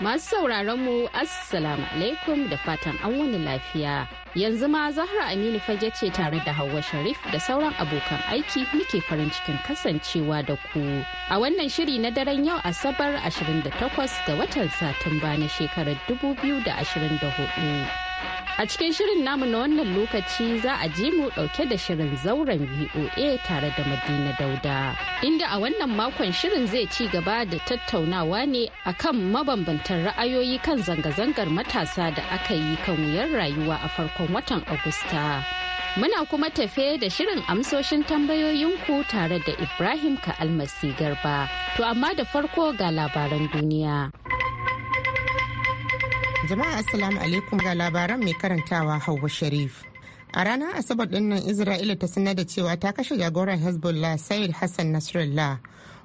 Masu sauraron mu Assalamu alaikum da fatan an wani lafiya. Yanzu ma Zahra Aminu fage ce tare da Hauwa Sharif da sauran abokan aiki muke farin cikin kasancewa da ku. A wannan shiri na daren yau Asabar 28 ga watan Satumba na shekarar 2024. A cikin shirin namu na wannan lokaci za a ji mu dauke da shirin zauren VOA tare da Madina Dauda. Inda a wannan makon shirin zai ci gaba da tattaunawa ne a kan mabambantan ra'ayoyi kan zanga-zangar matasa da aka yi kan wuyar rayuwa a farkon watan Agusta. Muna kuma tafe da shirin amsoshin tambayoyinku tare da Ibrahim Ka'almasi Garba. To amma da farko ga labaran duniya. Jama'a Assalamu alaikum ga labaran mai karantawa Hauwa Sharif. A ranar Asabar dinnan Isra'ila ta sanar da cewa ta kashe jagoran Hezbollah sayid Hassan Nasrallah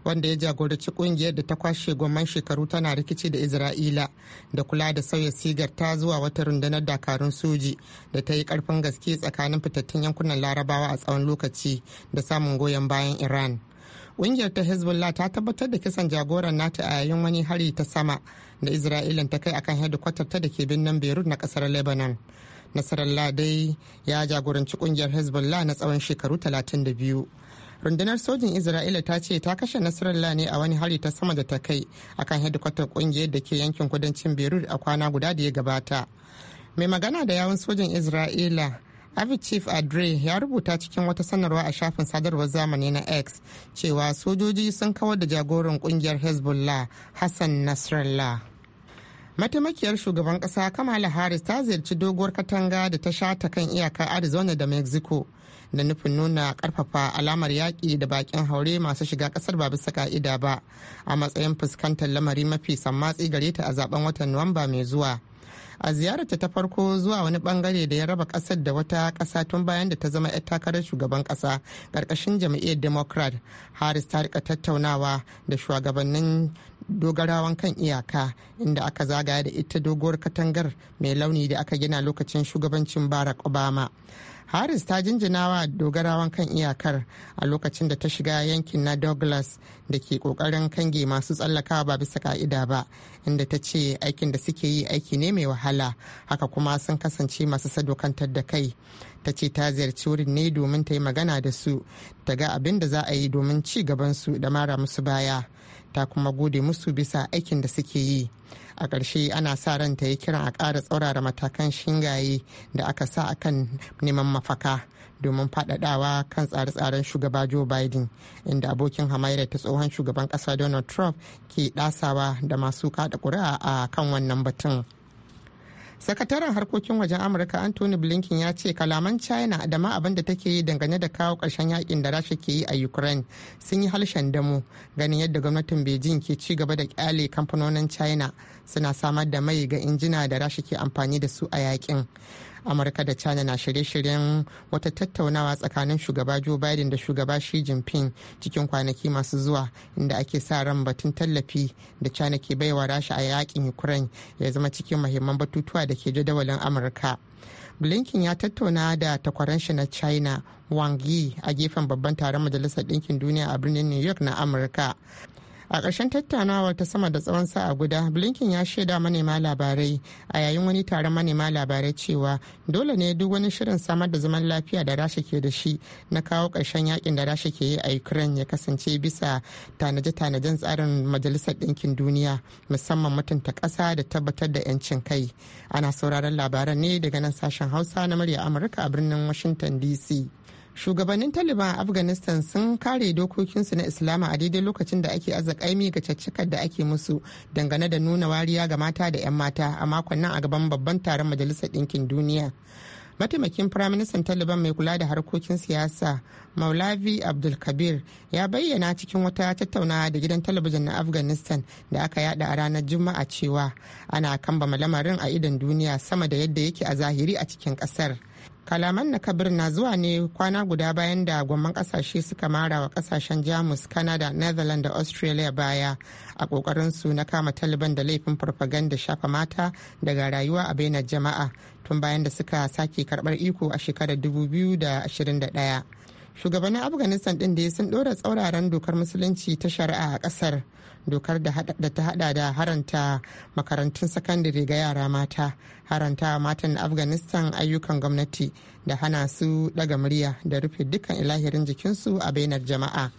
wanda ya jagoranci kungiyar da ta kwashe gwamman shekaru tana rikici da Isra'ila da kula da sauya sigar ta zuwa wata rundunar dakarun soji da ta yi karfin gaske tsakanin fitattun yankunan larabawa a tsawon lokaci da samun goyon bayan Iran. ƙungiyar ta hezbollah ta tabbatar da kisan jagoran nata a yayin wani hari ta sama da isra'ila ta kai akan hedikwatar ta da ke birnin beirut na kasar lebanon nasarallah dai ya jagoranci ƙungiyar hezbollah na tsawon shekaru 32 rundunar sojin isra'ila ta ce ta kashe nasarallah ne a wani hari ta sama da ta kai akan hedikwatar ƙungiyar da ke yankin kudancin beirut a kwana guda da ya gabata mai magana da yawon sojin isra'ila Chief Adre ya rubuta cikin wata sanarwa a shafin sadarwar zamani na X cewa sojoji sun kawar da jagoran kungiyar Hezbollah Hassan Nasrallah. Mataimakiyar shugaban kasa Kamala Harris ta ziyarci doguwar katanga da ta shata kan iyakar Arizona da Mexico da nufin nuna karfafa alamar yaƙi da bakin haure masu shiga kasar ba bisa ka'ida ba a matsayin fuskantar lamari mafi sammatsi gare ta a zaben watan Nuwamba mai zuwa. a ziyararta ta farko zuwa wani bangare da ya raba kasar da wata kasa tun bayan da ta zama 'yar takarar shugaban kasa karkashin jam'iyyar democrat harris ta rika tattaunawa da shugabannin dogarawan kan iyaka inda aka zagaya da ita doguwar katangar mai launi da aka gina lokacin shugabancin barack obama harris ta jinjinawa dogarawan kan iyakar a lokacin da ta shiga yankin na douglas da ke kokarin kange masu tsallakawa ba bisa ka'ida ba inda ta ce aikin da suke yi aiki ne mai wahala haka kuma sun kasance masu sadaukantar da kai ta ce ta ziyarci wurin ne domin ta yi magana da su ta ga abin da za a yi domin ci gaban su da mara musu baya ta kuma gode musu bisa aikin da suke yi a ƙarshe ana sa ran ta yi kiran a ƙara tsaurara matakan shingaye da aka sa akan neman mafaka domin faɗaɗawa kan tsare-tsaren shugaba joe biden inda abokin hamayyar ta tsohon shugaban ƙasa donald trump ke ɗasawa da masu kaɗa ƙuri'a a kan wannan batun sakataren harkokin wajen amurka anthony blinken ya ce kalaman china da ma abin da take yi dangane da kawo ƙarshen yakin da rasha ke yi a ukraine sun yi harshen damu ganin yadda gwamnatin beijing ke ci gaba da kyale kamfanonin china suna samar da mai ga injina da rasha ke amfani da su a yakin amurka da china na shirye-shiryen wata tattaunawa tsakanin shugaba joe biden da shugaba shi jinping cikin kwanaki masu zuwa inda ake sa ran batun tallafi da china ke baiwa rasha a yakin ukraine ya zama cikin mahimman batutuwa da ke jadawalin amurka blinken ya tattauna da takwaran shi na china wang yi a gefen babban taron majalisar ɗinkin duniya a birnin new york na amurka a ƙarshen tattaunawa ta sama da tsawon sa'a guda blinken ya shaida manema labarai a yayin wani taron manema labarai cewa dole ne duk wani shirin samar da zaman lafiya da rasha ke da shi na kawo ƙarshen yakin da rasha ke yi a ukraine ya kasance bisa tanaje-tanajen tsarin majalisar ɗinkin duniya musamman mutunta ƙasa da tabbatar da 'yancin kai ana sauraron labaran ne daga nan sashen hausa na murya amurka a birnin washington dc shugabannin taliban a afghanistan sun kare dokokinsu na islama a daidai lokacin da ake azakaimi ga caccakar da ake musu dangane da nuna wariya ga mata da 'yan mata a makon nan a gaban babban taron majalisar ɗinkin duniya mataimakin firaministan taliban mai kula da harkokin siyasa maulavi abdulkabir ya bayyana cikin wata tattaunawa da gidan talabijin na afghanistan da aka yada a ranar juma'a cewa ana kambama lamarin a idon duniya sama da yadda yake a zahiri a cikin kasar. kalaman na kabir na zuwa ne kwana guda bayan da gwamman kasashe suka mara wa kasashen jamus canada netherlands da australia baya a kokarin su na kama taliban da laifin farfaganda shafa mata daga rayuwa a bainar jama'a tun bayan da suka sake karbar iko a shekarar 2021 shugabannin afghanistan din da ya sun ɗora tsauraran dokar musulunci ta shari'a a kasar dokar da ta hada da haranta makarantun sakandare ga yara mata haranta matan afghanistan ayyukan gwamnati da hana su daga murya da rufe dukkan ilahirin jikinsu a bainar jama'a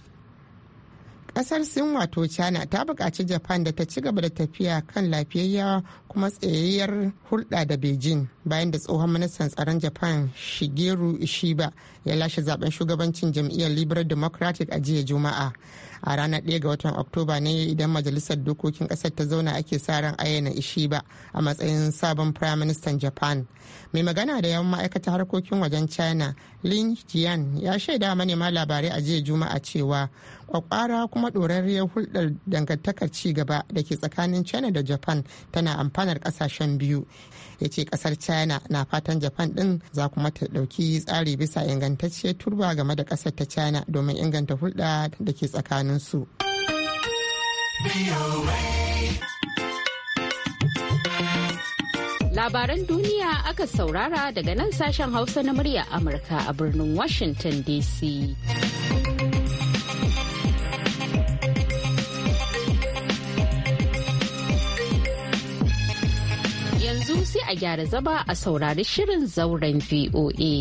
kasar sin wato china ta bukaci japan da ta ci gaba da tafiya kan lafiyayya kuma tsayayyar hulɗa da beijing bayan da tsohon ministan tsaron japan shigeru ishiba ya lashe zaben shugabancin jam'iyyar liberal democratic a jiya juma'a a ranar 1 ga watan oktoba ne idan majalisar dokokin kasar ta zauna ake sa ran ayyana ishiba a matsayin sabon prime minister japan mai magana da yawan ma'aikatar harkokin wajen china lin jian ya shaida manema labarai a jiya juma'a cewa kwakwara kuma ɗorarriyar hulɗar dangantakar ci gaba da ke tsakanin china da japan tana amfanar ƙasashen biyu ya ce kasar china na fatan japan din za kuma ta dauki tsari bisa ingantacce turba game da kasar ta china domin inganta hulɗa da ke tsakanin su. Labaran duniya aka saurara daga nan sashen Hausa na murya Amurka a birnin Washington DC. gyara zaba a saurari shirin zauren VOA.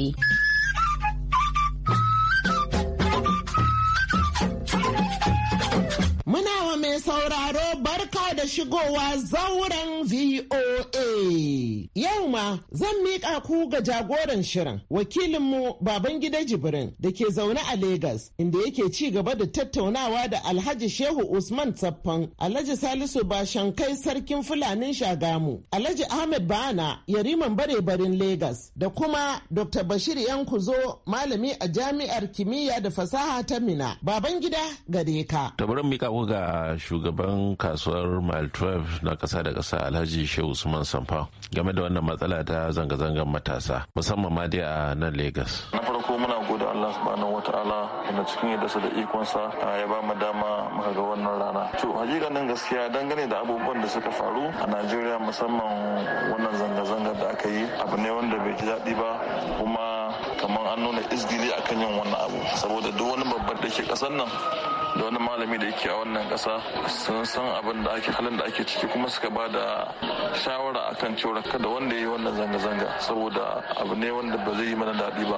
shigowa zauren VOA. Yau ma zan miƙa ku ga jagoran shirin wakilinmu Babangida Jibrin da ke zaune a Legas inda yake ci gaba da tattaunawa da Alhaji Shehu Usman Saffan, Alhaji Salisu Bashankai Sarkin Fulanin Shagamu, Alhaji Ahmed Bana Yariman Bare-barin Legas da kuma Dr. Bashir Yankuzo malami a Jami'ar Kimiyya da Fasaha ta Mina. Babangida gare ka. Tabarin miƙa ga shugaban kasuwar mile 12 na kasa da kasa alhaji shehu usman samfa game da wannan matsala ta zanga zangan matasa musamman ma dai a nan lagos na farko muna gode allah subhanahu ta'ala wanda cikin yadda su da ikon sa ya ba mu dama muka ga wannan rana to hakika nan gaskiya dangane da abubuwan da suka faru a najeriya musamman wannan zanga-zangar da aka yi abu ne wanda bai ji daɗi ba kuma kamar an nuna izgili akan yin wannan abu saboda duk wani babban da ke ƙasar nan da wani malami da yake a wannan kasa sun san abin da ake halin da ake ciki kuma suka ba da shawara akan cewa kada wanda ya yi wannan zanga-zanga saboda abu ne wanda ba zai yi mana daɗi ba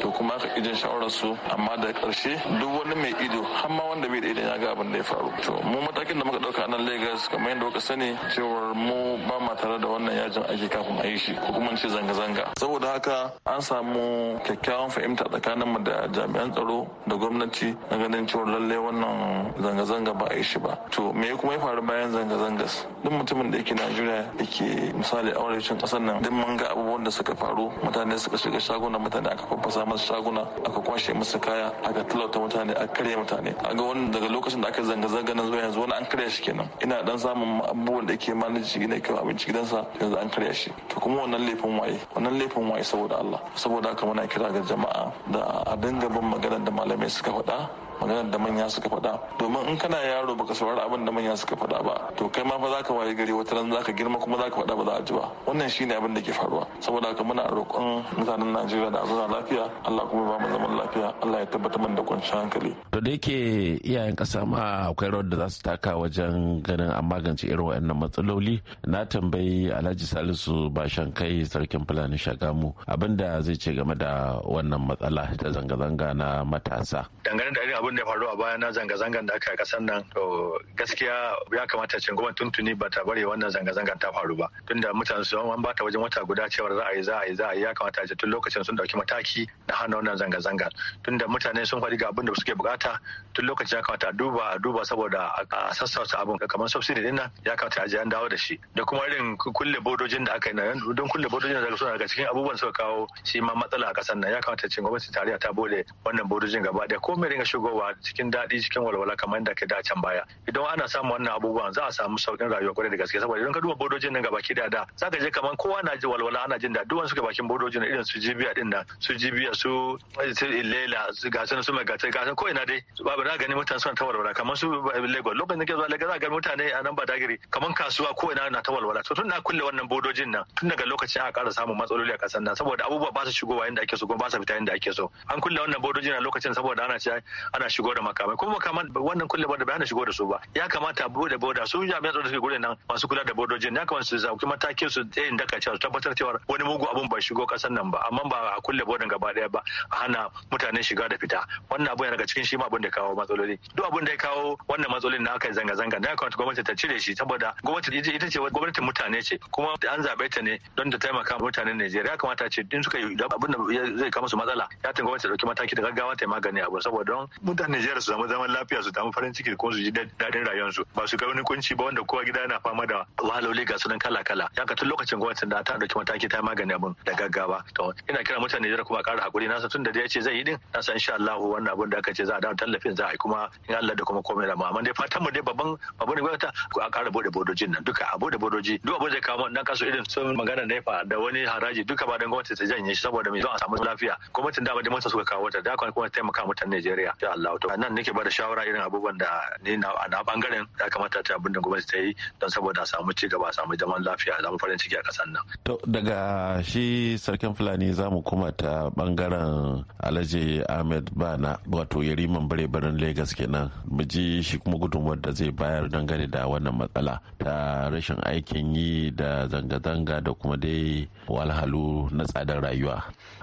to kuma aka ijin shawarar su amma da ƙarshe duk wani mai ido har ma wanda bai da ido ya ga abin da ya faru to mu matakin da muka ɗauka a nan Lagos kamar yadda kuka sani cewar mu ba ma tare da wannan yajin aiki kafin a yi shi ko kuma ce zanga-zanga saboda haka an samu kyakkyawan fahimta tsakaninmu da jami'an tsaro da gwamnati na ganin cewa lallai wannan zanga-zanga ba a yi shi ba to me kuma ya faru bayan zanga-zanga duk mutumin da yake najeriya yake misali aure cin kasar nan duk mun ga abubuwan da suka faru mutane suka shiga shaguna mutane aka fafasa masu shaguna aka kwashe musu kaya aka talauta mutane aka karya mutane a ga wani daga lokacin da aka zanga-zanga na zuwa yanzu wani an karya shi kenan ina dan samun abubuwan da yake manaji gina kai abinci gidansa yanzu an karya shi to kuma wannan laifin waye wannan laifin waye saboda Allah saboda haka muna kira ga jama'a da a dinga bin maganar da malamai suka faɗa maganar da manya suka faɗa domin in kana yaro baka saurari abin da manya suka faɗa ba to kai ma fa zaka waye gari wata ran zaka girma kuma zaka faɗa ba za a ji ba wannan shi ne abin da ke faruwa saboda haka muna roƙon mutanen Najeriya da azura lafiya Allah kuma ba mu zaman lafiya Allah ya tabbatar mana da kwanciyar hankali to da yake iyayen ƙasa ma akwai rawar da za su taka wajen ganin an magance irin waɗannan matsaloli na tambayi Alhaji Salisu Bashan kai sarkin Fulani Shagamu abinda zai ce game da wannan matsala ta zanga-zanga na matasa dangane da abin da ya faru a baya na zanga-zangan da aka yi kasan nan to gaskiya ya kamata cin goma tuntuni ba ta bari wannan zanga-zangan ta faru ba tunda mutane su an bata wajen wata guda cewar za a yi za a yi za a yi ya kamata a tun lokacin sun dauki mataki na hana wannan zanga-zangan tunda mutane sun faɗi ga abin da suke bukata tun lokacin ya kamata a duba a duba saboda a sassauta abin kamar subsidy din nan ya kamata a je an dawo da shi da kuma irin kulle bodojin da aka yi nan don kulle bodojin da suna daga cikin abubuwan suka kawo shi ma matsala a kasan nan ya kamata cin gwamnati tarayya ta bude wannan bodojin gaba ɗaya ko mai ringa shigo fitowa cikin daɗi cikin walwala kamar da ka can baya idan ana samun wannan abubuwan za a samu sauƙin rayuwa kwarai da gaske saboda idan ka duba bodojin nan gabaki da da za ka je kamar kowa na ji walwala ana jin daɗi wani suka bakin bodojin na irin su jibiya din nan su jibiya su lela ga su su mai gatar gasan ko ina dai babu na gani mutane suna ta walwala kamar su eh, lagos lokacin da ke zuwa lagos za ga mutane a nan ba dagiri kamar kasuwa ko ina na ta walwala to tun na kulle wannan bodojin nan tun daga lokacin aka ƙara samun matsaloli a ƙasar nan saboda abubuwa ba su shigowa inda ake so kuma ba su fita inda ake so an kulle wannan bodojin a lokacin saboda ana ce ana ana shigo da makamai kuma makaman wannan kulle da bayan shigo da su ba ya kamata bude boda su jami'an tsaro suke gure nan masu kula da bodojin ya kamata su zauki matakin su inda ka cewa su tabbatar cewa wani mugu abun bai shigo kasar nan ba amma ba a kulle bodan gaba daya ba a hana mutane shiga da fita wannan abun daga cikin shi ma abun da kawo matsaloli duk abun da ya kawo wannan matsalolin na aka zanga zanga da ya kamata gwamnati ta cire shi saboda gwamnati ita ce gwamnati mutane ce kuma an zabe ta ne don ta taimaka mutanen Najeriya ya kamata ce din suka yi abun da zai kama su matsala ya tanga gwamnati ta dauki mataki da gaggawa ta magani abu saboda don mutan Nijar su zama zaman lafiya su samu farin ciki ko su ji daɗin rayuwarsu ba su ga wani kunci ba wanda kowa gida yana fama da wahaloli ga sunan kala kala ya ka tun lokacin gwamnatin da ta dauki mataki ta magani abin da gaggawa to ina kira mutan Nijar kuma ƙara hakuri nasa tun da ya ce zai yi din nasa insha Allah wannan abin da aka ce za a dawo tallafin za a yi kuma in Allah da kuma komai da mu amma dai fatan mu dai babban babban gwamnati a ƙara bude bodojin nan duka a bude bodoji duk abin da kawo nan kasu irin sun magana nefa da wani haraji duka ba dan gwamnati ta janye shi saboda mai don a samu lafiya gwamnatin da ba da mata suka kawo ta da kuma taimaka mutan Najeriya ya Allah Allah to nan nake bada shawara irin abubuwan da ni na na bangaren ya kamata ta abin da gwamnati ta yi don saboda a samu ci gaba a samu zaman lafiya zamu farin ciki a kasan nan to daga shi sarkin fulani zamu mu kuma ta bangaren Alhaji Ahmed Bana wato yariman bare Legas Lagos kenan mu ji shi kuma gudunmuwar da zai bayar dangane da wannan matsala ta rashin aikin yi da zanga-zanga da kuma dai walhalu na tsadar rayuwa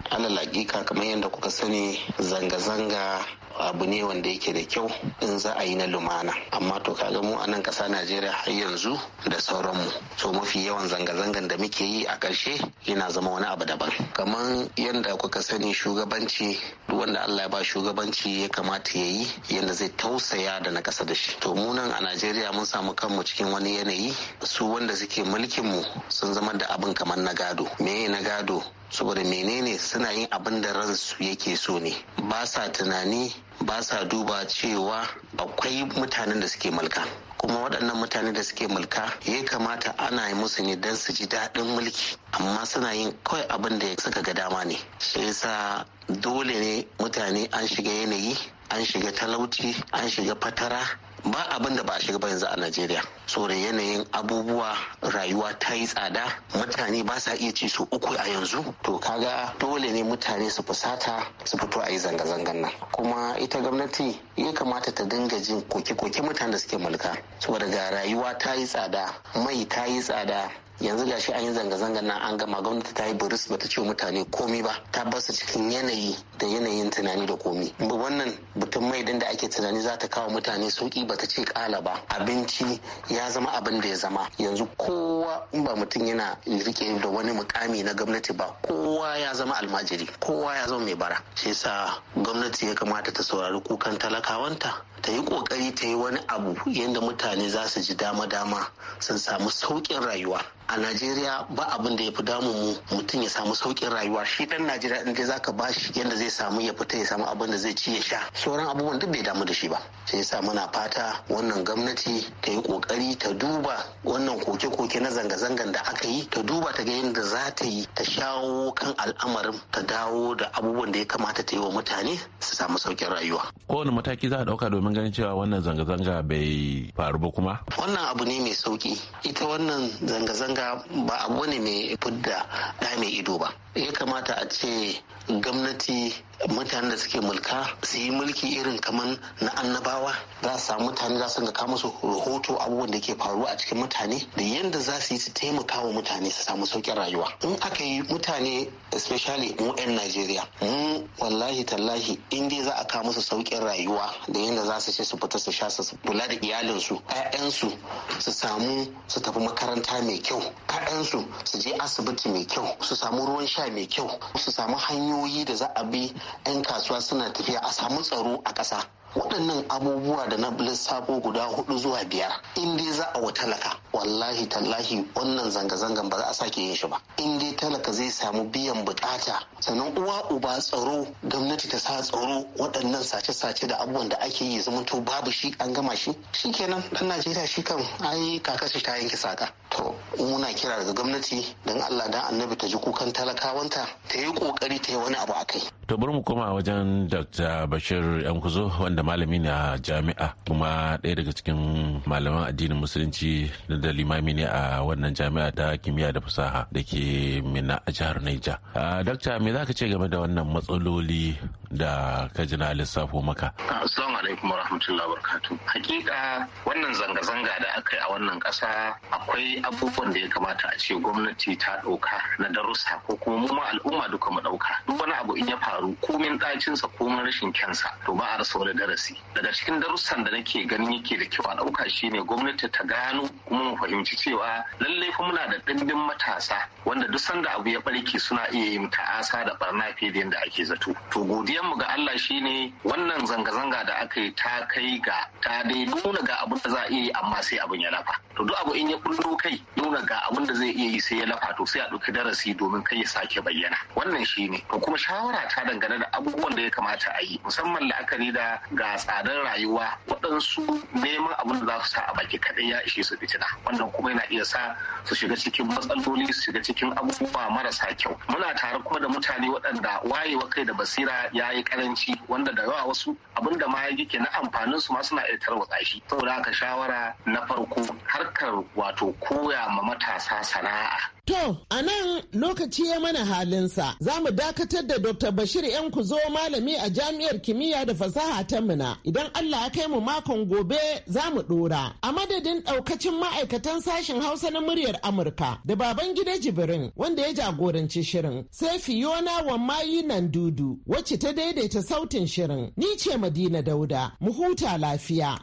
alal kamar yadda kuka sani zanga-zanga abu ne wanda yake da kyau in za a yi na lumana amma to ga mu a nan ƙasa najeriya har yanzu da sauran mu to mafi yawan zanga-zangan da muke yi a ƙarshe yana zama wani abu daban kamar yadda kuka sani shugabanci duk wanda allah ya ba shugabanci ya kamata ya yi yadda zai tausaya da na ƙasa da shi to mu nan a najeriya mun samu kanmu cikin wani yanayi su wanda suke mulkinmu sun zama da abin kamar na gado me na gado saboda menene suna yin abin da ransu yake so ne ba sa tunani ba sa duba cewa akwai mutanen da suke mulka kuma waɗannan mutane da suke mulka ya kamata ana yi musu ne don su ji daɗin mulki amma suna yin kawai abin da suka ga dama ne shi yasa dole ne mutane an shiga yanayi an shiga talauci an shiga fatara ba abin da ba a shiga ba yanzu a najeriya saboda yanayin abubuwa rayuwa ta yi tsada mutane ba sa iya ci su uku a yanzu to kaga dole ne mutane su fusata su fito a yi zanga-zangan nan kuma ita gwamnati ya kamata ta dinga jin koke-koke mutane da suke mulka saboda ga rayuwa ta yi tsada mai ta yi tsada yanzu gashi an yi zanga-zangar nan an gama gwamnati ta yi buris bata ce mutane komi ba ta basu cikin yanayi da yanayin tunani da komi wannan mutum mai da ake tunani za ta kawo mutane sauki bata ce kala ba abinci ya zama abin da ya zama yanzu kowa in ba mutum yana rike da wani mukami na gwamnati ba kowa ya zama almajiri kowa ya zama mai bara shi yasa gwamnati ya kamata ta saurari kukan talakawanta ta yi kokari ta yi wani abu yadda mutane za su ji dama-dama sun samu saukin rayuwa a najeriya ba abin da ya fi damu mu mutum ya samu saukin rayuwa shi dan najeriya in dai zaka ba shi yadda zai samu ya fita ya samu abin da zai ci ya sha sauran abubuwan duk bai damu da shi ba sai yasa muna fata wannan gwamnati ta yi kokari ta duba wannan koke-koke na zanga-zangan da aka yi ta duba ta ga yadda za ta yi ta shawo kan al'amarin ta dawo da abubuwan da ya kamata ta yi wa mutane su samu sauƙin rayuwa kowane mataki za a ɗauka domin mun ganin cewa wannan zanga-zanga bai faru ba kuma? Wannan abu ne mai sauki. Ita wannan zanga-zanga ba abu ne mai fudda da mai ido ba. Ya kamata a ce gwamnati mutanen da suke mulka su yi mulki irin kamar na annabawa za su samu mutane za su ga kama su rahoto abubuwan da ke faruwa a cikin mutane da yadda za su yi su taimaka wa mutane su samu sauƙin rayuwa in aka yi mutane especially mu 'yan najeriya mu wallahi tallahi in dai za a kawo musu sauƙin rayuwa da yadda za su ce su fita su sha su kula da iyalinsu 'ya'yansu su samu su tafi makaranta mai kyau 'ya'yansu su je asibiti mai kyau su samu ruwan sha mai kyau su samu hanyoyi da za a bi 'yan kasuwa suna tafiya a samu tsaro a ƙasa waɗannan abubuwa da na lissafo guda hudu zuwa biyar in dai za a wa talaka wallahi tallahi wannan zanga-zangan ba za a sake yin shi ba in dai talaka zai samu biyan bukata sannan uwa uba tsaro gwamnati ta sa tsaro waɗannan sace-sace da abubuwan da ake yi to babu shi an gama shi Shi kenan dan najeriya shi kan ai kakashi ta yanke saka to muna kira daga gwamnati don allah dan annabi ta ji kukan talakawanta ta yi kokari ta yi wani abu a kai to bari mu koma wajen dr bashir yan kuzo wanda malami ne a jami'a kuma ɗaya daga cikin malaman addinin musulunci da limami ne a wannan jami'a ta kimiyya da fasaha da ke mina a jihar naija dr me za ka ce game da wannan matsaloli da ka ji na lissafo maka assalamu alaikum wa wabarakatuh hakika wannan zanga-zanga da aka yi a wannan ƙasa akwai abubuwan da ya kamata a ce gwamnati ta ɗauka na darussa ko kuma mu al'umma duka mu ɗauka duk wani abu in ya faru faru komin ɗacinsa ko rashin kyansa to ba a rasa wani darasi daga cikin darussan da nake ganin yake da kyau a ɗauka shine gwamnati ta gano kuma mu fahimci cewa lalle fa muna da ɗimbin matasa wanda duk sanda abu ya ɓarke suna iya yin ta'asa da barna fiye da yadda ake zato to godiyar mu ga Allah shine wannan zanga-zanga da aka yi ta kai ga ta dai nuna ga abu da za a iya yi amma sai abin ya lafa to duk abu in ya kullo kai nuna ga abin da zai iya yi sai ya lafa to sai a ɗauki darasi domin kai ya sake bayyana wannan shi ne to kuma shawara ta dangane da abubuwan da ya kamata a yi musamman la'akari da ga tsadar rayuwa waɗansu neman abin da za su sa a baki kaɗai ya ishe su fitina wannan kuma yana iya sa su shiga cikin matsaloli su shiga cikin abubuwa marasa kyau muna tare kuma da mutane waɗanda wayewa kai da basira ya yi karanci wanda da yawa wasu abin da ma yake na amfanin su ma suna iya tarwatsa shi saboda haka shawara na farko har harkar wato koya ma matasa sana'a. To, a nan lokaci ya mana halinsa, za mu dakatar da Dr. Bashir ‘yan kuzo malami a Jami'ar Kimiyya da Fasaha ta Mina. Idan Allah ya kai mu makon gobe za mu ɗora. A madadin ɗaukacin ma'aikatan sashen Hausa na muryar Amurka da baban gida Jibirin wanda ya jagoranci shirin, sai Fiona Wammayi nan dudu wacce ta daidaita sautin shirin. Ni ce Madina Dauda, mu huta lafiya.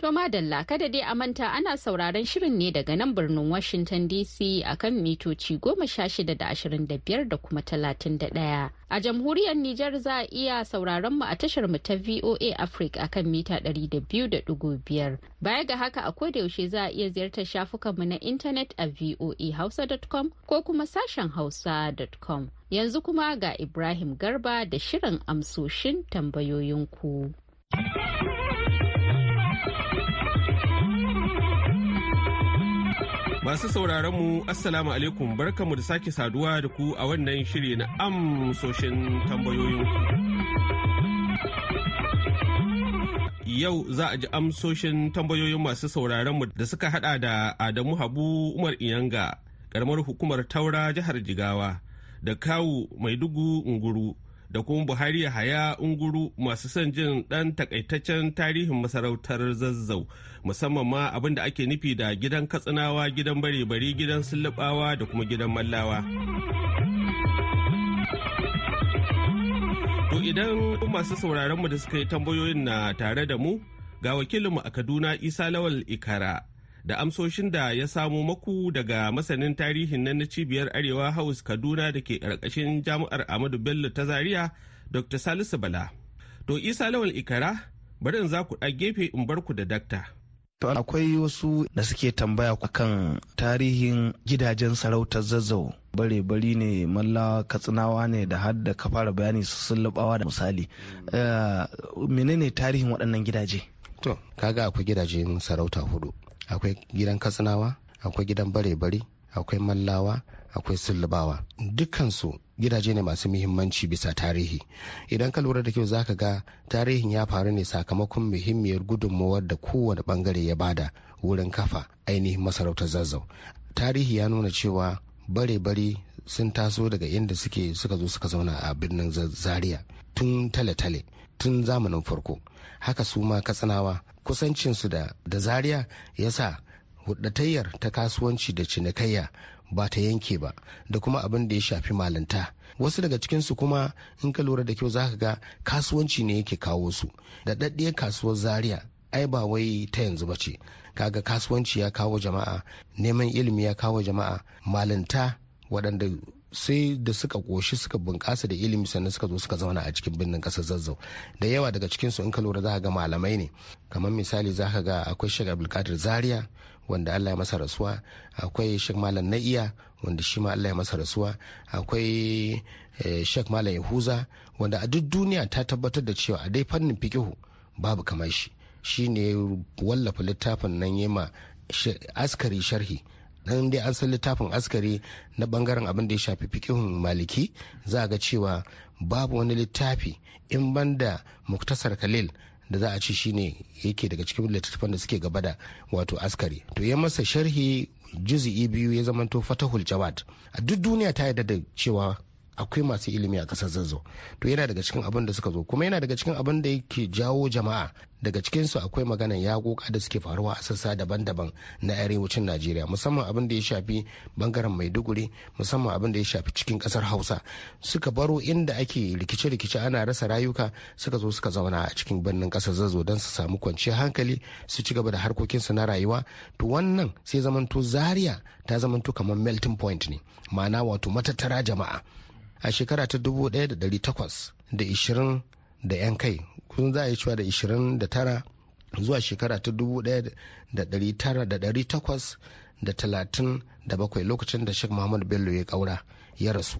To Madalla kada dai a manta ana sauraron shirin ne daga nan birnin Washington DC akan mitoci goma sha shida da ashirin da biyar da kuma talatin da ɗaya. A jamhuriyar Nijar za a iya sauraron mu a tashar mu ta VOA Africa akan mita ɗari da biyu da ɗigo biyar. Baya ga haka a koda yaushe za a iya ziyartar shafukan mu na intanet a voahausa.com ko kuma sashen hausa.com. Yanzu kuma ga Ibrahim Garba da shirin amsoshin tambayoyinku. Masu sauraron mu Assalamu alaikum barkamu da sake saduwa da ku a wannan shiri na amsoshin tambayoyin. Yau za a ji amsoshin tambayoyin masu sauraron da suka hada da Adamu Habu Umar Iyanga, karamar hukumar Taura jihar Jigawa, da Kawu dugu Nguru, da kuma buhari haya unguru masu son jin ɗan takaitaccen tarihin masarautar zazzau musamman ma abin da ake nufi da gidan katsinawa gidan bare-bari gidan sullubawa da kuma gidan mallawa to idan masu sauraron mu da suka yi tambayoyin na tare da mu ga wakilinmu a kaduna isa lawal ikara da amsoshin da ya samu maku daga masanin tarihin nan na cibiyar arewa house kaduna da ke ƙarƙashin jami'ar amadu bello ta zaria dr salisu bala to isa lawal ikara bari in za ku a gefe in bar ku da dakta To akwai wasu da suke tambaya kan tarihin gidajen sarautar zazzau bare-bari ne malla katsinawa ne da har da ka fara bayani su sun da misali eh, menene tarihin waɗannan gidaje to kaga akwai gidajen sarauta hudu akwai gidan katsinawa akwai gidan bare-bare akwai mallawa akwai sullubawa dukansu gidaje ne masu muhimmanci bisa tarihi idan ka lura da kyau zaka ga tarihin ya faru ne sakamakon muhimmiyar gudunmowar da kowane bangare ya bada wurin kafa ainihin masarautar zazzau tarihi ya nuna cewa bare-bare sun taso daga inda suke suka zo suka zauna a birnin zaria tun tale-tale tun zamanin farko haka su ma katsinawa kusancinsu da da zariya ya sa hudatayyar ta kasuwanci da cinikayya ba ta yanke ba da kuma abin da ya shafi malinta wasu daga cikinsu kuma in ka lura da kyau za ka ga kasuwanci ne yake kawo su da daddiyar kasuwar zaria ai ba wai ta yanzu ba ce kaga kasuwanci ya kawo jama'a neman ilimi ya kawo jama'a malinta waɗanda sai da suka koshi suka bunƙasa da ilimi sannan suka zo suka zauna a cikin birnin ƙasar zazzau da yawa daga cikin su in ka lura za ga malamai ne kamar misali za ka ga akwai shek abdulkadir zaria wanda allah ya masa rasuwa akwai shek malam na'iya wanda shi ma allah ya masa rasuwa akwai eh, shek malam yahuza wanda a duk duniya ta tabbatar da cewa a dai fannin fikihu babu kamar shi shi ne wallafa littafin nan yema askari sharhi dan dai an san littafin askari na bangaren abin da ya shafi fikihun maliki za a ga cewa babu wani littafi in banda muktasar khalil da za a ci shine yake daga cikin littattafan da suke gaba da wato askari to ya masa sharhi juzi biyu ya zamanto fatahul jawad a duk duniya ta yarda da cewa akwai masu ilimi a kasar zazzau to yana daga cikin abin da suka zo kuma yana daga cikin abin da yake jawo jama'a daga cikinsu akwai maganan yaƙoƙa da suke faruwa a sassa daban-daban na arewacin najeriya musamman abin da ya shafi bangaren maiduguri musamman abin da ya shafi cikin kasar hausa suka baro inda ake rikice-rikice ana rasa rayuka suka zo suka zauna a cikin birnin kasar zazzau don su samu kwanciyar hankali su ci gaba da harkokinsu na rayuwa to wannan sai zamanto zaria ta zamanto kamar melting point ne ma'ana wato matattara jama'a a shekara ta 1820 da da 'yan kai kun za a yi cewa da 29 zuwa shekara ta 37 lokacin da sheikh muhammad bello ya kaura ya rasu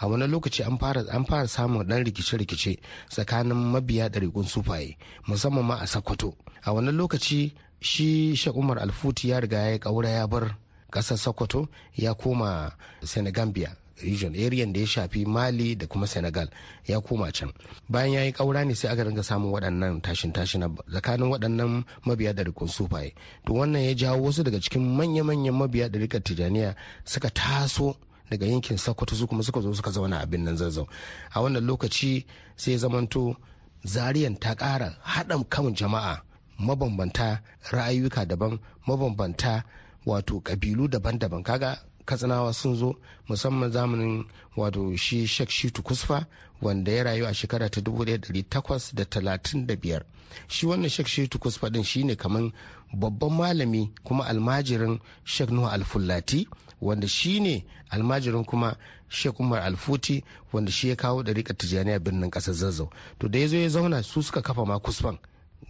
a wani lokaci an fara samun dan rikice-rikice tsakanin mabiya ɗariƙun sufaye musamman ma a sakwato a wani lokaci shi sheikh umar alfuti ya riga ya kaura ya bar ƙasar sakwato ya koma senegambia region area da ya shafi mali da kuma senegal ya koma can bayan ya yi kaura ne sai aka ringa samun waɗannan tashin tashin tsakanin waɗannan mabiya da rikon sufaye to wannan ya jawo wasu daga cikin manya-manyan mabiya da rikon tijaniya suka taso daga yankin sokoto su kuma suka zo suka zauna a birnin zazzau a wannan lokaci sai zamanto zariyan ta ƙara haɗa kan jama'a mabambanta ra'ayuka daban mabambanta wato ƙabilu daban-daban kaga katsinawa sun zo musamman zamanin wato shi shek shitu kusfa wanda ya rayu a shekara ta 1835 shi wannan shek shitu kusfa din shine kamar babban malami kuma almajirin shek nuhu alfullati wanda shine almajirin kuma shek umar alfuti wanda shi ya kawo ɗariƙar tijjaniya birnin ƙasar zazzau to da ya zo ya zauna su suka kafa ma kusfan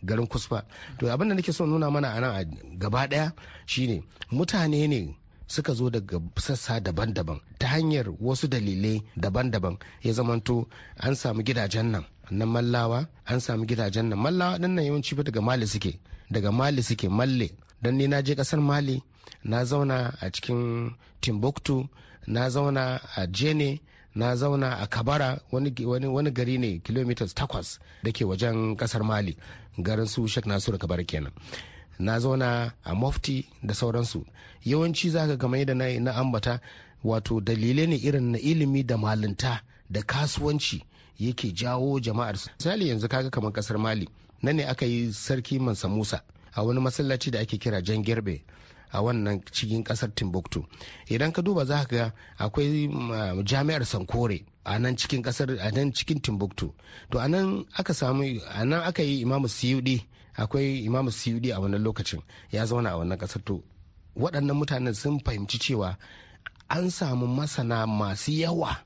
garin kusfa to abinda da nake so nuna mana a nan a gaba ɗaya shine mutane ne suka zo daga sassa daban-daban ta hanyar wasu dalilai daban-daban ya zamanto an samu gidajen nan na mallawa an samu gidajen nan mallawa ɗin nan yawanci ba daga mali suke daga mali suke malle don ni na je kasar mali na zauna a cikin timbuktu na zauna a jene na zauna a kabara wani, gari ne kilomitas takwas da ke wajen kasar mali garin su shek nasiru kabara kenan na zauna a mufti da sauransu yawanci zaka kamar da na ambata wato dalilai ne irin na ilimi da malinta da kasuwanci yake jawo jama'ar misali yanzu kaga kamar kasar mali nan ne aka yi sarki mansa musa a wani masallaci da ake kira jan gerbe a wannan cikin kasar timbuktu idan ka duba za ka ga akwai uh, jami'ar sankore a nan cikin kasar a nan cikin timbuktu to a nan aka samu a aka yi imamu siyudi akwai imamu siyudi a wannan lokacin ya zauna a wannan kasar to waɗannan mutanen sun fahimci cewa an samu masana masu yawa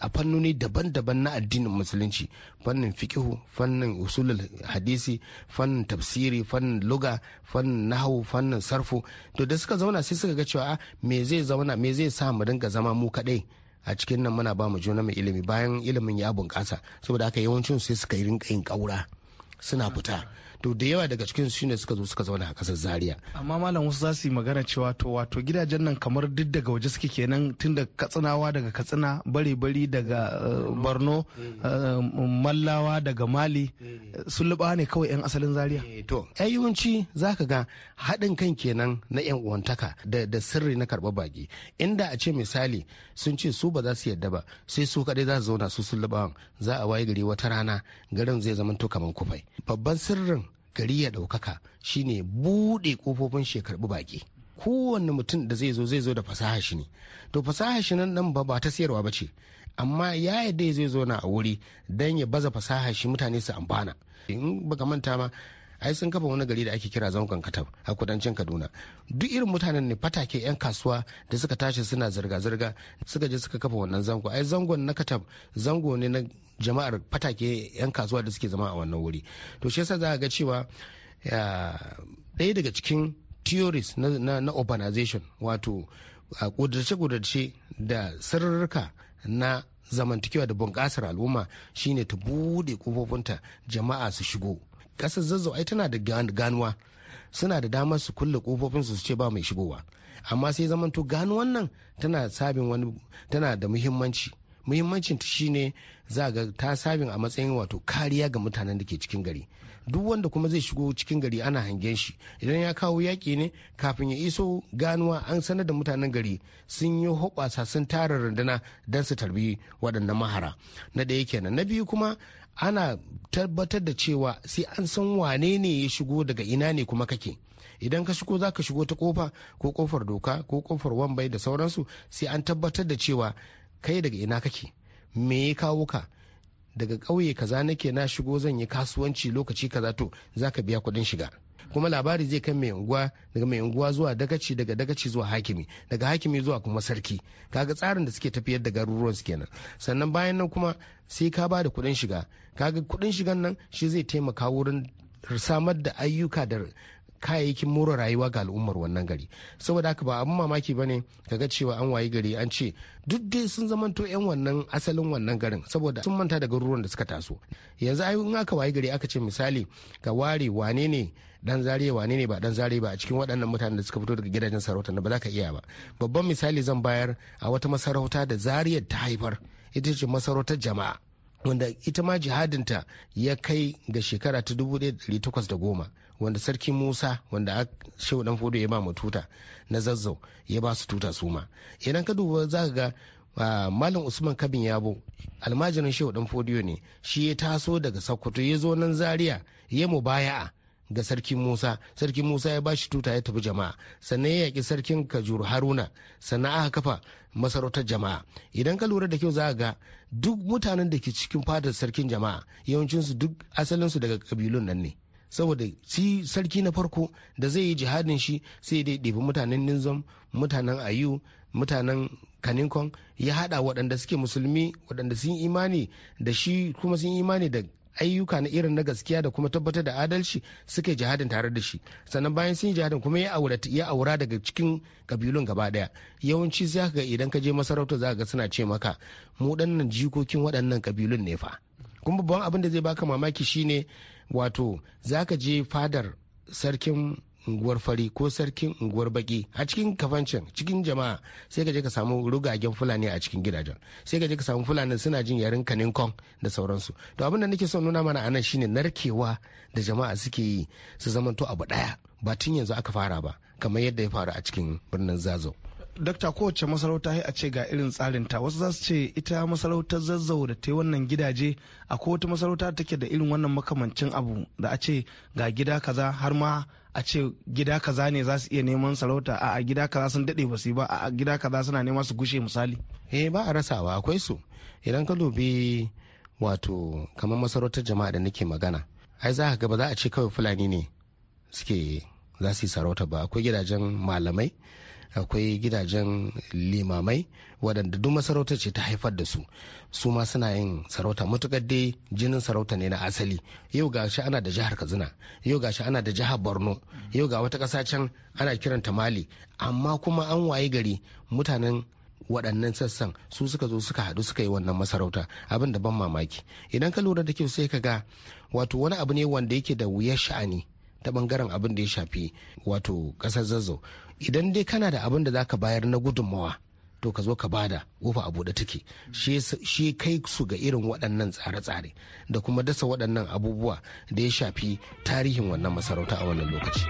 a fannoni daban-daban na addinin musulunci fannin fikihu fannin usulul hadisi fannin tafsiri fannin luga fannin nahu fannin sarfu to da suka zauna sai suka ga cewa ah, me zai zauna me zai sa mu dinga zama mu kadai a cikin nan muna ba mu juna mai ilimi bayan ilimin ya bunƙasa saboda haka yawancin sai suka yi rinka yin ƙaura suna fita to da yawa daga cikin su ne suka zo suka zauna a kasar zaria amma malam wasu za su yi magana cewa to wato gidajen nan kamar duk daga waje suke kenan tun da katsinawa daga katsina bare bari daga eh, borno mm. eh, mallawa daga mali mm. sun luba ne kawai yan asalin zaria eh, to yawanci za ka ga haɗin kan kenan na yan uwantaka da sirri na karɓar baki inda a ce misali sun ce su ba za su yadda ba sai su kaɗai za su zauna su sun za a waye gari wata rana garin zai zama to kamar kufai babban sirrin gari ya ɗaukaka shine buɗe ƙofofin shekarɓi baki kowanne mutum da zai zo zai zo da fasaha shi ne to fasaha shi nan nan ba ba ta siyarwa ba ce amma ya yadda zai zo na a wuri don ya baza fasaha shi mutane su amfana in baka manta ma ai sun kafa wani gari da ake kira zangon katab a kudancin kaduna duk irin mutanen ne fatake yan kasuwa da suka tashi suna zirga-zirga suka je suka kafa wannan zango ai zangon na katab zango ne na jama'ar fatake yan kasuwa da suke zama a wannan wuri to shi yasa za ga cewa ɗaya daga cikin theories na, urbanization wato a kudurce da sirrika na zamantakewa da bunƙasar al'umma shine ta buɗe kofofinta jama'a su shigo kasar zazzau ai tana da ganuwa suna da damar su kulle kofofin su ce ba mai shigowa amma sai zamanto ganuwan nan tana sabin wani tana da muhimmanci muhimmancin ta shine za ga ta sabin a matsayin wato kariya ga mutanen da ke cikin gari duk wanda kuma zai shigo cikin gari ana hangen shi idan ya kawo yaƙi ne kafin ya iso ganuwa an sanar da mutanen gari sun yi hoɓasa sun tara runduna don su tarbi waɗannan mahara na ɗaya kenan na biyu kuma ana tabbatar da cewa sai an san wane ne ya shigo daga ina ne kuma kake idan ka shigo za ka shigo ta kofa ko kofar doka ko kofar wambai da sauransu sai an tabbatar da cewa kai daga ina kake me ya kawo ka daga ƙauye kaza nake na shigo zan yi kasuwanci lokaci kaza to za ka biya kuɗin shiga kuma labari zai kai mai unguwa daga mai unguwa zuwa dagaci daga dagaci zuwa hakimi daga hakimi zuwa kuma sarki kaga tsarin da suke tafiyar da garuruwan su kenan sannan bayan nan kuma sai ka ba da kuɗin shiga kaga kuɗin shigan nan shi zai taimaka wurin samar da ayyuka da kayayyakin more rayuwa ga al'ummar wannan gari saboda haka ba abin mamaki ba ne kaga cewa an wayi gari an ce duk dai sun zamanto 'yan wannan asalin wannan garin saboda sun manta da garuruwan da suka taso yanzu in aka wayi gari aka ce misali ga ware wane ne dan Zariya wane ne ba dan zare ba a cikin waɗannan mutanen da suka fito daga gidajen sarauta ba za ka iya ba babban misali zan bayar a wata masarauta da Zariya ta haifar ita ce masarautar jama'a wanda ita ma jihadinta ya kai ga shekara ta 1810 wanda sarki musa wanda a shehu dan fodo ya ba mu tuta na zazzau ya ba su tuta su ma idan ka duba za ka ga malam usman kabin yabo almajirin shehu dan fodiyo ne shi ya taso daga sokoto ya zo nan zaria ya mubaya'a ga sarki musa sarki musa ya bashi tuta ya tafi jama'a sannan ya yaƙi sarkin kajur haruna sannan aka kafa masarautar jama'a idan ka lura da kyau za ga duk mutanen da ke cikin fadar sarkin jama'a yawancinsu duk asalinsu daga kabilun nan ne saboda shi sarki na farko da zai yi jihadin shi sai dai ɗebi mutanen ninzom mutanen ayu mutanen kaninkon ya haɗa waɗanda suke musulmi waɗanda sun imani da shi kuma sun imani da ayyuka na irin na gaskiya da kuma tabbatar da adalci suke jihadin tare da shi sannan bayan sun yi jihadin kuma ya aura ya aura daga cikin kabilun gaba daya yawanci sai ga idan ka je masarauta za ga suna ce maka mu nan jikokin waɗannan kabilun ne fa kuma babban abin da zai baka mamaki shine wato zaka je fadar sarkin unguwar fari ko sarkin unguwar baki a cikin kafancin cikin jama'a sai ka je ka samu rugagen fulani a cikin gidajen sai ka je ka samu fulani suna jin kanin kong da sauransu to abin da nake son nuna mana anan shine narkewa da jama'a suke yi su zamanto abu daya ba tun yanzu aka fara ba kamar yadda ya faru a cikin birnin zazo dakta kowace masarauta a ce ga irin tsarinta ta wasu za su ce ita masarautar zazzau da ta yi wannan gidaje a kowace masarauta take da irin wannan makamancin abu da a ce ga gida kaza har ma a ce gida kaza ne za su iya neman sarauta a gida kaza sun dade ba su ba a gida kaza suna nema su gushe misali eh ba a rasawa akwai su idan ka dubi wato kamar masarautar jama'a da nake magana ai za ka ga ba za a ce kawai fulani ne suke za su yi sarauta ba akwai gidajen malamai akwai gidajen limamai waɗanda duk masarauta ce ta haifar da su su ma suna yin sarauta matukar dai jinin sarauta ne na asali yau ga shi ana da jihar kazina yau ga shi ana da jihar borno yau ga wata ƙasa can ana kiranta mali amma kuma an waye gari mutanen waɗannan sassan su suka zo suka haɗu suka yi wannan masarauta abin da ban mamaki idan ka lura da kyau sai ka ga wato wani abu ne wanda yake da wuyar sha'ani ta bangaren abin da ya shafi wato ƙasar zazzau idan dai kana da abin da za ka bayar na gudunmawa to ka zo ka bada kofa a buɗe take shi kai su ga irin waɗannan tsare-tsare da kuma dasa waɗannan abubuwa da ya shafi tarihin wannan masarauta a wannan lokaci.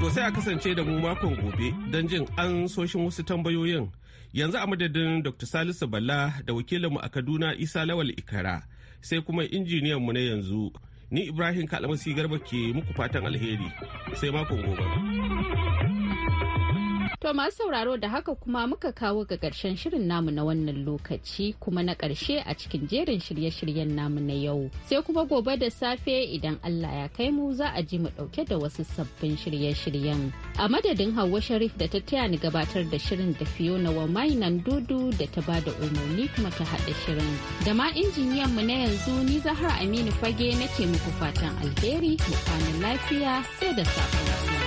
To sai a kasance da mu makon gobe don jin an soshin wasu tambayoyin yanzu a madadin Dr. Salisu Balla da wakilinmu a Kaduna Isa Lawal Ikara sai kuma injiniyan mu na yanzu ni Ibrahim Kalamasi Garba ke muku fatan alheri sai makon gobe. To masu sauraro da haka kuma muka kawo ga ƙarshen shirin namu na wannan lokaci kuma na ƙarshe a cikin jerin shirye-shiryen namu na yau. Sai kuma gobe da safe idan Allah ya kai mu za a ji mu ɗauke da wasu sabbin shirye-shiryen. A madadin Hauwa Sharif da ta taya ni gabatar da shirin da Fiona Wamai nan dudu da ta bada umarni kuma ta haɗa shirin. Da ma injiniyan mu na yanzu ni Zahra Aminu Fage nake muku fatan alheri mu kwana lafiya sai da safe.